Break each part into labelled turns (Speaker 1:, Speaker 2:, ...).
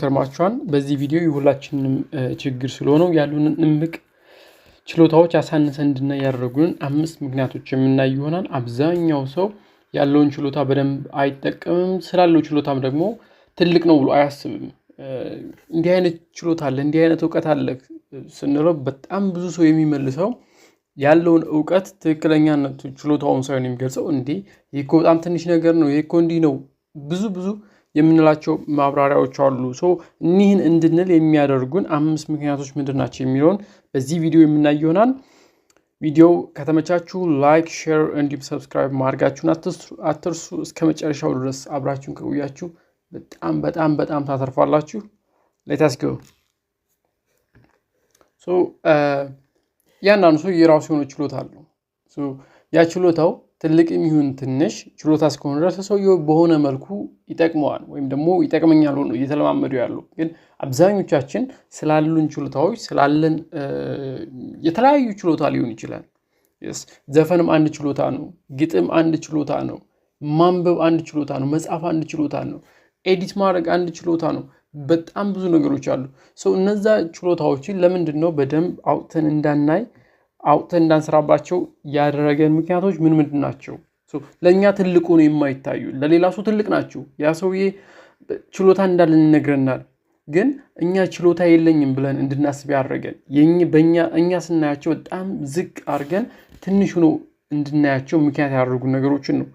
Speaker 1: ከርማችኋል። በዚህ ቪዲዮ የሁላችንም ችግር ስለሆነው ያሉንን እምቅ ችሎታዎች አሳንሰ እንድናይ ያደረጉን አምስት ምክንያቶች የምናይ ይሆናል። አብዛኛው ሰው ያለውን ችሎታ በደንብ አይጠቀምም። ስላለው ችሎታም ደግሞ ትልቅ ነው ብሎ አያስብም። እንዲህ አይነት ችሎታ አለ፣ እንዲህ አይነት እውቀት አለ ስንለው በጣም ብዙ ሰው የሚመልሰው ያለውን እውቀት ትክክለኛነቱ ችሎታውን ሳይሆን የሚገልጸው እንዲህ ይህ እኮ በጣም ትንሽ ነገር ነው፣ ይህ እኮ እንዲህ ነው፣ ብዙ ብዙ የምንላቸው ማብራሪያዎች አሉ። ሶ እኒህን እንድንል የሚያደርጉን አምስት ምክንያቶች ምንድን ናቸው የሚለውን በዚህ ቪዲዮ የምናይ ይሆናል። ቪዲዮው ከተመቻችሁ ላይክ፣ ሼር እንዲሁም ሰብስክራይብ ማድረጋችሁን አትርሱ። እስከ መጨረሻው ድረስ አብራችሁን ከቆያችሁ በጣም በጣም በጣም ታተርፋላችሁ። ሌታስ ጎ እያንዳንዱ ሰው የራሱ የሆነ ችሎታ አለው። ያ ችሎታው ትልቅ የሚሆን ትንሽ ችሎታ እስከሆነ ድረስ ሰውየው በሆነ መልኩ ይጠቅመዋል ወይም ደግሞ ይጠቅመኛል ሆኖ እየተለማመዱ ያሉ ግን አብዛኞቻችን ስላሉን ችሎታዎች ስላለን የተለያዩ ችሎታ ሊሆን ይችላል። ዘፈንም አንድ ችሎታ ነው። ግጥም አንድ ችሎታ ነው። ማንበብ አንድ ችሎታ ነው። መጽሐፍ አንድ ችሎታ ነው። ኤዲት ማድረግ አንድ ችሎታ ነው። በጣም ብዙ ነገሮች አሉ። እነዛ ችሎታዎችን ለምንድን ነው በደንብ አውጥተን እንዳናይ አውጥተን እንዳንሰራባቸው ያደረገን ምክንያቶች ምን ምንድን ናቸው? ለእኛ ትልቁ ነው የማይታዩ ለሌላ ሰው ትልቅ ናቸው። ያ ሰውዬ ችሎታ እንዳለን ይነግረናል። ግን እኛ ችሎታ የለኝም ብለን እንድናስብ ያደረገን እኛ ስናያቸው በጣም ዝቅ አድርገን ትንሽ ሆኖ እንድናያቸው ምክንያት ያደርጉ ነገሮችን ነው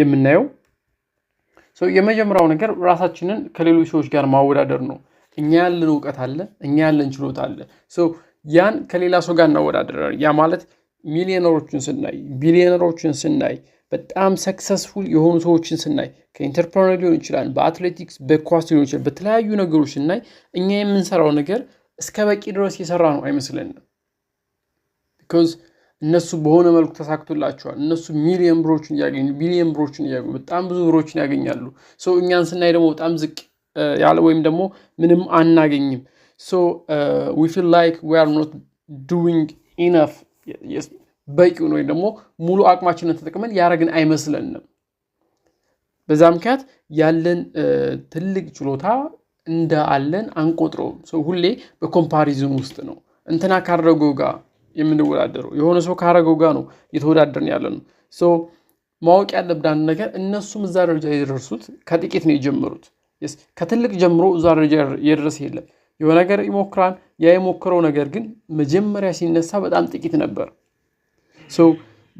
Speaker 1: የምናየው። የመጀመሪያው ነገር ራሳችንን ከሌሎች ሰዎች ጋር ማወዳደር ነው። እኛ ያለን እውቀት አለ፣ እኛ ያለን ችሎታ አለ። ያን ከሌላ ሰው ጋር እናወዳደራል። ያ ማለት ሚሊዮነሮችን ስናይ፣ ቢሊዮነሮችን ስናይ፣ በጣም ሰክሰስፉል የሆኑ ሰዎችን ስናይ ከኢንተርፕረነር ሊሆን ይችላል፣ በአትሌቲክስ በኳስ ሊሆን ይችላል፣ በተለያዩ ነገሮች ስናይ እኛ የምንሰራው ነገር እስከ በቂ ድረስ የሰራ ነው አይመስለንም። ቢኮዝ እነሱ በሆነ መልኩ ተሳክቶላቸዋል። እነሱ ሚሊዮን ብሮችን እያገኙ ቢሊዮን ብሮችን እያገኙ በጣም ብዙ ብሮችን ያገኛሉ። ሰው እኛን ስናይ ደግሞ በጣም ዝቅ ያለ ወይም ደግሞ ምንም አናገኝም። so uh, we feel like we are not doing በቂውን ወይም ደግሞ ሙሉ አቅማችንን ተጠቅመን ያደረግን አይመስለንም። በዛ ምክንያት ያለን ትልቅ ችሎታ እንዳለን አንቆጥረውም። ሰው ሁሌ በኮምፓሪዝን ውስጥ ነው እንትና ካረገው ጋር የምንወዳደረው የሆነ ሰው ካረገው ጋር ነው እየተወዳደርን ያለ ነው። ማወቅ ያለብን አንድ ነገር እነሱም እዛ ደረጃ የደረሱት ከጥቂት ነው የጀመሩት። ከትልቅ ጀምሮ እዛ ደረጃ የደረሰ የለም። የሆነ ነገር ይሞክራል። ያ የሞከረው ነገር ግን መጀመሪያ ሲነሳ በጣም ጥቂት ነበር።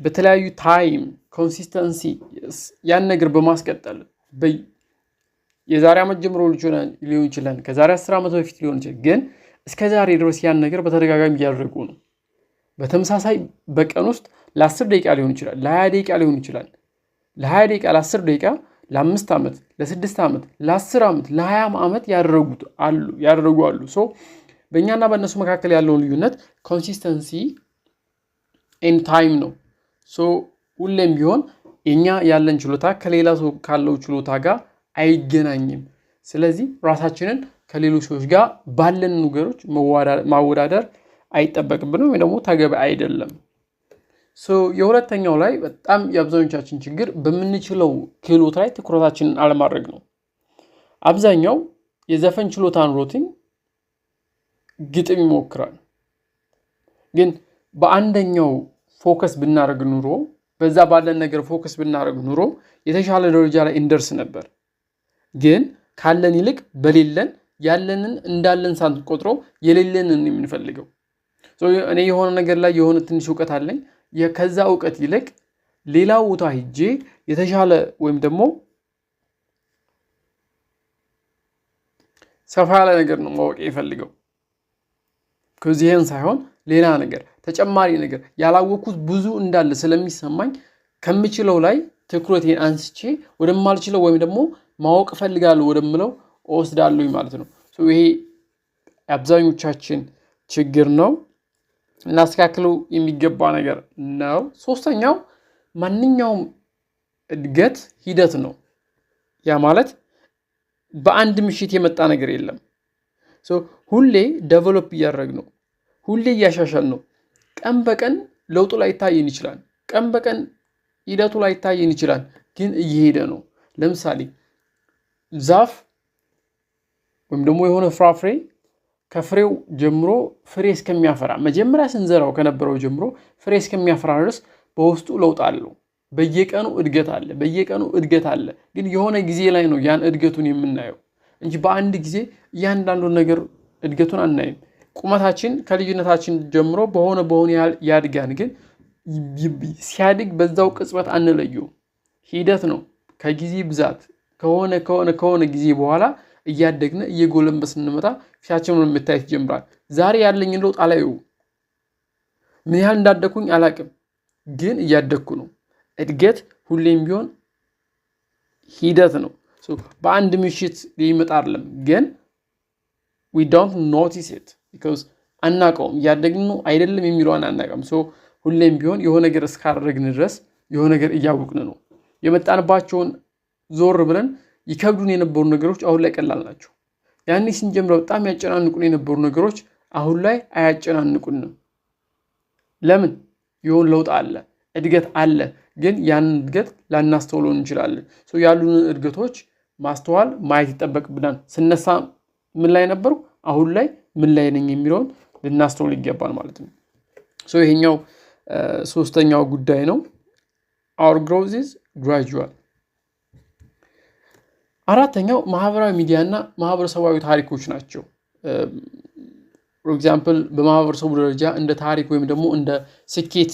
Speaker 1: በተለያዩ ታይም ኮንሲስተንሲ ያን ነገር በማስቀጠል የዛሬ ዓመት ጀምሮ ሊሆን ይችላል፣ ከዛሬ አስር ዓመት በፊት ሊሆን ይችላል። ግን እስከ ዛሬ ድረስ ያን ነገር በተደጋጋሚ እያደረጉ ነው። በተመሳሳይ በቀን ውስጥ ለአስር ደቂቃ ሊሆን ይችላል፣ ለሀያ ደቂቃ ሊሆን ይችላል፣ ለሀያ ደቂቃ ለአስር ደቂቃ ለአምስት ዓመት ለስድስት ዓመት ለአስር ዓመት ለሀያ ዓመት ያደረጉ አሉ። በእኛና በእነሱ መካከል ያለውን ልዩነት ኮንሲስተንሲ ን ታይም ነው። ሁሌም ቢሆን የኛ ያለን ችሎታ ከሌላ ሰው ካለው ችሎታ ጋር አይገናኝም። ስለዚህ ራሳችንን ከሌሎች ሰዎች ጋር ባለን ነገሮች ማወዳደር አይጠበቅብንም ወይ ደግሞ ተገቢ አይደለም። የሁለተኛው ላይ በጣም የአብዛኞቻችን ችግር በምንችለው ክህሎት ላይ ትኩረታችንን አለማድረግ ነው። አብዛኛው የዘፈን ችሎታ ኖሮትኝ ግጥም ይሞክራል። ግን በአንደኛው ፎከስ ብናደርግ ኑሮ በዛ ባለን ነገር ፎከስ ብናደርግ ኑሮ የተሻለ ደረጃ ላይ እንደርስ ነበር። ግን ካለን ይልቅ በሌለን ያለንን እንዳለን ሳንቆጥሮ የሌለንን የምንፈልገው እኔ የሆነ ነገር ላይ የሆነ ትንሽ እውቀት አለኝ ከዛ እውቀት ይልቅ ሌላ ቦታ ሂጄ የተሻለ ወይም ደግሞ ሰፋ ያለ ነገር ነው ማወቅ የፈልገው ከዚህን ሳይሆን ሌላ ነገር ተጨማሪ ነገር ያላወቅኩት ብዙ እንዳለ ስለሚሰማኝ ከምችለው ላይ ትኩረቴን አንስቼ ወደማልችለው ወይም ደግሞ ማወቅ እፈልጋለሁ ወደምለው እወስዳለሁኝ ማለት ነው። ይሄ አብዛኞቻችን ችግር ነው። ልናስተካክለው የሚገባ ነገር ነው። ሶስተኛው ማንኛውም እድገት ሂደት ነው። ያ ማለት በአንድ ምሽት የመጣ ነገር የለም። ሁሌ ደቨሎፕ እያደረግ ነው። ሁሌ እያሻሻል ነው። ቀን በቀን ለውጡ ላይ ይታየን ይችላል። ቀን በቀን ሂደቱ ላይ ይታየን ይችላል። ግን እየሄደ ነው። ለምሳሌ ዛፍ ወይም ደግሞ የሆነ ፍራፍሬ ከፍሬው ጀምሮ ፍሬ እስከሚያፈራ መጀመሪያ ስንዘራው ከነበረው ጀምሮ ፍሬ እስከሚያፈራ ድረስ በውስጡ ለውጥ አለው። በየቀኑ እድገት አለ። በየቀኑ እድገት አለ። ግን የሆነ ጊዜ ላይ ነው ያን እድገቱን የምናየው እንጂ በአንድ ጊዜ እያንዳንዱን ነገር እድገቱን አናይም። ቁመታችን ከልጅነታችን ጀምሮ በሆነ በሆነ ያድጋን፣ ግን ሲያድግ በዛው ቅጽበት አንለየውም። ሂደት ነው። ከጊዜ ብዛት ከሆነ ከሆነ ከሆነ ጊዜ በኋላ እያደግነ እየጎለመስ ስንመጣ ፊታችንን መታየት ይጀምራል። ዛሬ ያለኝን ለውጥ አላየው። ምን ያህል እንዳደግኩኝ አላቅም፣ ግን እያደግኩ ነው። እድገት ሁሌም ቢሆን ሂደት ነው። በአንድ ምሽት ሊመጣ አይደለም፣ ግን ዊ ዶንት ኖቲስ ኢት ቢኮዝ እያደግን ነው አይደለም የሚለውን አናቀም። ሁሌም ቢሆን የሆነ ነገር እስካደረግን ድረስ የሆነ ነገር እያወቅን ነው የመጣንባቸውን ዞር ብለን ይከብዱን የነበሩ ነገሮች አሁን ላይ ቀላል ናቸው። ያኔ ስንጀምረው በጣም ያጨናንቁን የነበሩ ነገሮች አሁን ላይ አያጨናንቁንም። ለምን? የሆን ለውጥ አለ፣ እድገት አለ። ግን ያንን እድገት ላናስተውለው እንችላለን። ያሉን እድገቶች ማስተዋል ማየት ይጠበቅብናል። ስነሳ ምን ላይ ነበሩ፣ አሁን ላይ ምን ላይ ነኝ የሚለውን ልናስተውል ይገባል ማለት ነው። ይሄኛው ሶስተኛው ጉዳይ ነው። አወር ግሮዝ ኢዝ ግራጁዋል አራተኛው ማህበራዊ ሚዲያ እና ማህበረሰባዊ ታሪኮች ናቸው። ፎር ኤግዛምፕል በማህበረሰቡ ደረጃ እንደ ታሪክ ወይም ደግሞ እንደ ስኬት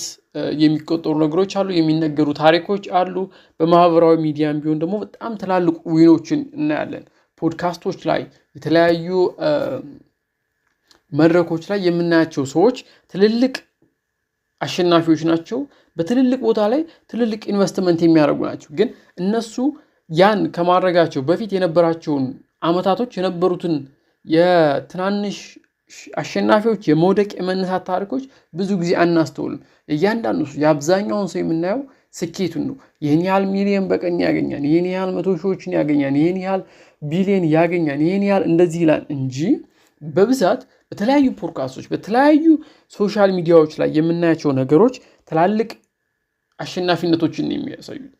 Speaker 1: የሚቆጠሩ ነገሮች አሉ፣ የሚነገሩ ታሪኮች አሉ። በማህበራዊ ሚዲያም ቢሆን ደግሞ በጣም ትላልቅ ዊኖችን እናያለን። ፖድካስቶች ላይ የተለያዩ መድረኮች ላይ የምናያቸው ሰዎች ትልልቅ አሸናፊዎች ናቸው። በትልልቅ ቦታ ላይ ትልልቅ ኢንቨስትመንት የሚያደርጉ ናቸው። ግን እነሱ ያን ከማድረጋቸው በፊት የነበራቸውን አመታቶች የነበሩትን የትናንሽ አሸናፊዎች የመውደቅ የመነሳት ታሪኮች ብዙ ጊዜ አናስተውልም። እያንዳንዱ የአብዛኛውን ሰው የምናየው ስኬቱን ነው። ይህን ያህል ሚሊየን በቀን ያገኛል፣ ይህን ያህል መቶ ሺዎችን ያገኛል፣ ይህን ያህል ቢሊየን ያገኛል፣ ይህን ያህል እንደዚህ ይላል እንጂ በብዛት በተለያዩ ፖድካስቶች፣ በተለያዩ ሶሻል ሚዲያዎች ላይ የምናያቸው ነገሮች ትላልቅ አሸናፊነቶችን የሚያሳዩት።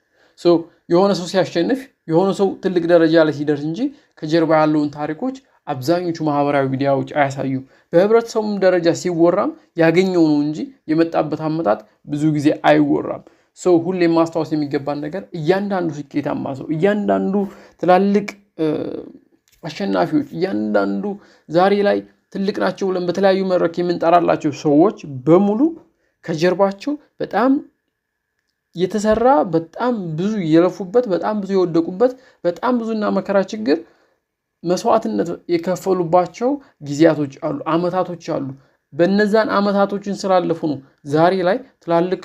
Speaker 1: የሆነ ሰው ሲያሸንፍ የሆነ ሰው ትልቅ ደረጃ ላይ ሲደርስ እንጂ ከጀርባ ያለውን ታሪኮች አብዛኞቹ ማህበራዊ ሚዲያዎች አያሳዩም። በህብረተሰቡም ደረጃ ሲወራም ያገኘው ነው እንጂ የመጣበት አመጣት ብዙ ጊዜ አይወራም። ሰው ሁሌም ማስታወስ የሚገባን ነገር እያንዳንዱ ስኬታማ ሰው፣ እያንዳንዱ ትላልቅ አሸናፊዎች፣ እያንዳንዱ ዛሬ ላይ ትልቅ ናቸው ብለን በተለያዩ መድረክ የምንጠራላቸው ሰዎች በሙሉ ከጀርባቸው በጣም የተሰራ በጣም ብዙ የለፉበት በጣም ብዙ የወደቁበት በጣም ብዙና መከራ ችግር መስዋዕትነት የከፈሉባቸው ጊዜያቶች አሉ፣ አመታቶች አሉ። በነዛን አመታቶችን ስላለፉ ነው ዛሬ ላይ ትላልቅ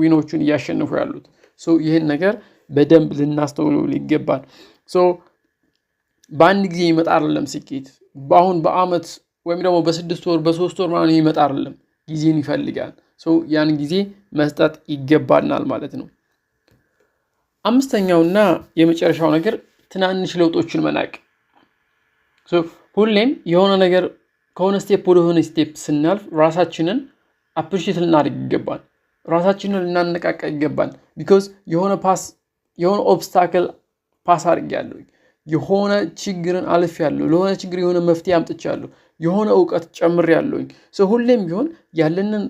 Speaker 1: ዊኖቹን እያሸነፉ ያሉት። ይህን ነገር በደንብ ልናስተውል ይገባል። በአንድ ጊዜ ይመጣ አይደለም ስኬት በአሁን በአመት ወይም ደግሞ በስድስት ወር በሶስት ወር ምናምን ይመጣ አይደለም። ጊዜን ይፈልጋል። ያን ጊዜ መስጠት ይገባናል ማለት ነው። አምስተኛውና የመጨረሻው ነገር ትናንሽ ለውጦችን መናቅ። ሁሌም የሆነ ነገር ከሆነ ስቴፕ ወደ ሆነ ስቴፕ ስናልፍ ራሳችንን አፕሪሼት ልናደርግ ይገባል። ራሳችንን ልናነቃቃ ይገባል። ቢኮዝ የሆነ ፓስ የሆነ ኦብስታክል ፓስ አድርጌያለሁ፣ የሆነ ችግርን አልፌያለሁ፣ ለሆነ ችግር የሆነ መፍትሄ አምጥቻለሁ፣ የሆነ እውቀት ጨምር ያለውኝ ሰው ሁሌም ቢሆን ያለንን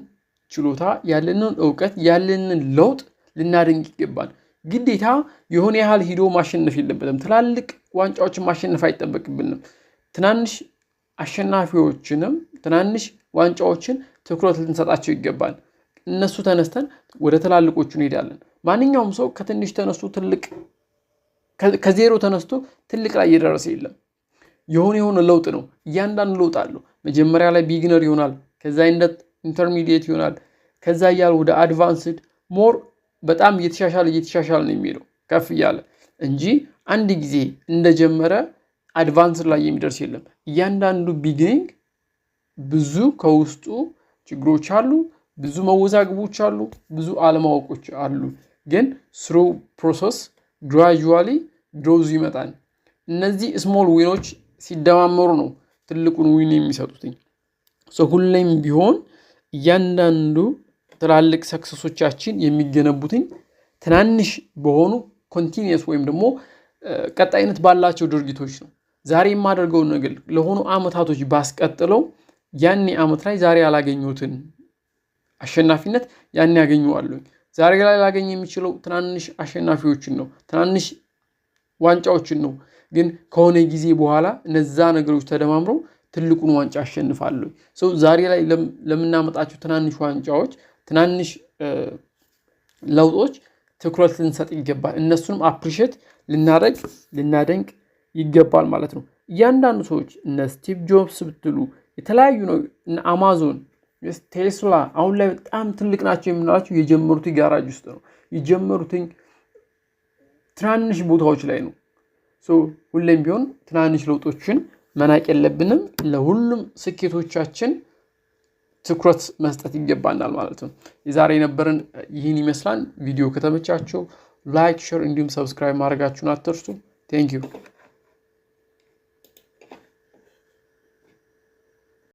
Speaker 1: ችሎታ ያለንን እውቀት ያለንን ለውጥ ልናደንቅ ይገባል። ግዴታ የሆነ ያህል ሂዶ ማሸነፍ የለበትም። ትላልቅ ዋንጫዎችን ማሸነፍ አይጠበቅብንም። ትናንሽ አሸናፊዎችንም ትናንሽ ዋንጫዎችን ትኩረት ልንሰጣቸው ይገባል። እነሱ ተነስተን ወደ ትላልቆቹ እንሄዳለን። ማንኛውም ሰው ከትንሽ ተነስቶ ትልቅ ከዜሮ ተነስቶ ትልቅ ላይ እየደረሰ የለም። የሆነ የሆነ ለውጥ ነው። እያንዳንዱ ለውጥ አለው። መጀመሪያ ላይ ቢግነር ይሆናል፣ ከዛ አይነት ኢንተርሚዲየት ይሆናል፣ ከዛ እያለ ወደ አድቫንስድ ሞር በጣም እየተሻሻለ እየተሻሻለ ነው የሚሄደው ከፍ እያለ እንጂ አንድ ጊዜ እንደጀመረ አድቫንስድ ላይ የሚደርስ የለም። እያንዳንዱ ቢግኒንግ ብዙ ከውስጡ ችግሮች አሉ፣ ብዙ መወዛግቦች አሉ፣ ብዙ አለማወቆች አሉ። ግን ስሩ ፕሮሰስ ግራጁዋሊ ግሮዙ ይመጣል። እነዚህ ስሞል ዊኖች ሲደማመሩ ነው ትልቁን ዊን የሚሰጡትኝ። ሁሌም ቢሆን እያንዳንዱ ትላልቅ ሰክሰሶቻችን የሚገነቡትኝ ትናንሽ በሆኑ ኮንቲኒየስ ወይም ደግሞ ቀጣይነት ባላቸው ድርጊቶች ነው። ዛሬ የማደርገውን ነገር ለሆኑ አመታቶች ባስቀጥለው ያኔ አመት ላይ ዛሬ ያላገኘሁትን አሸናፊነት ያኔ ያገኘዋለሁኝ። ዛሬ ላይ ላገኝ የሚችለው ትናንሽ አሸናፊዎችን ነው፣ ትናንሽ ዋንጫዎችን ነው። ግን ከሆነ ጊዜ በኋላ እነዛ ነገሮች ተደማምረው ትልቁን ዋንጫ አሸንፋለሁ። ሰው ዛሬ ላይ ለምናመጣቸው ትናንሽ ዋንጫዎች፣ ትናንሽ ለውጦች ትኩረት ልንሰጥ ይገባል። እነሱንም አፕሪሼት ልናደርግ ልናደንቅ ይገባል ማለት ነው። እያንዳንዱ ሰዎች እነ ስቲቭ ጆብስ ብትሉ የተለያዩ ነው፣ እነ አማዞን፣ ቴስላ አሁን ላይ በጣም ትልቅ ናቸው የምንላቸው የጀመሩት ጋራጅ ውስጥ ነው የጀመሩትኝ ትናንሽ ቦታዎች ላይ ነው ሁሌም ቢሆን ትናንሽ ለውጦችን መናቅ የለብንም። ለሁሉም ስኬቶቻችን ትኩረት መስጠት ይገባናል ማለት ነው። የዛሬ የነበረን ይህን ይመስላል። ቪዲዮ ከተመቻቸው ላይክ፣ ሸር እንዲሁም ሰብስክራይብ ማድረጋችሁን አትርሱ። ቴንክ ዩ